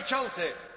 chance.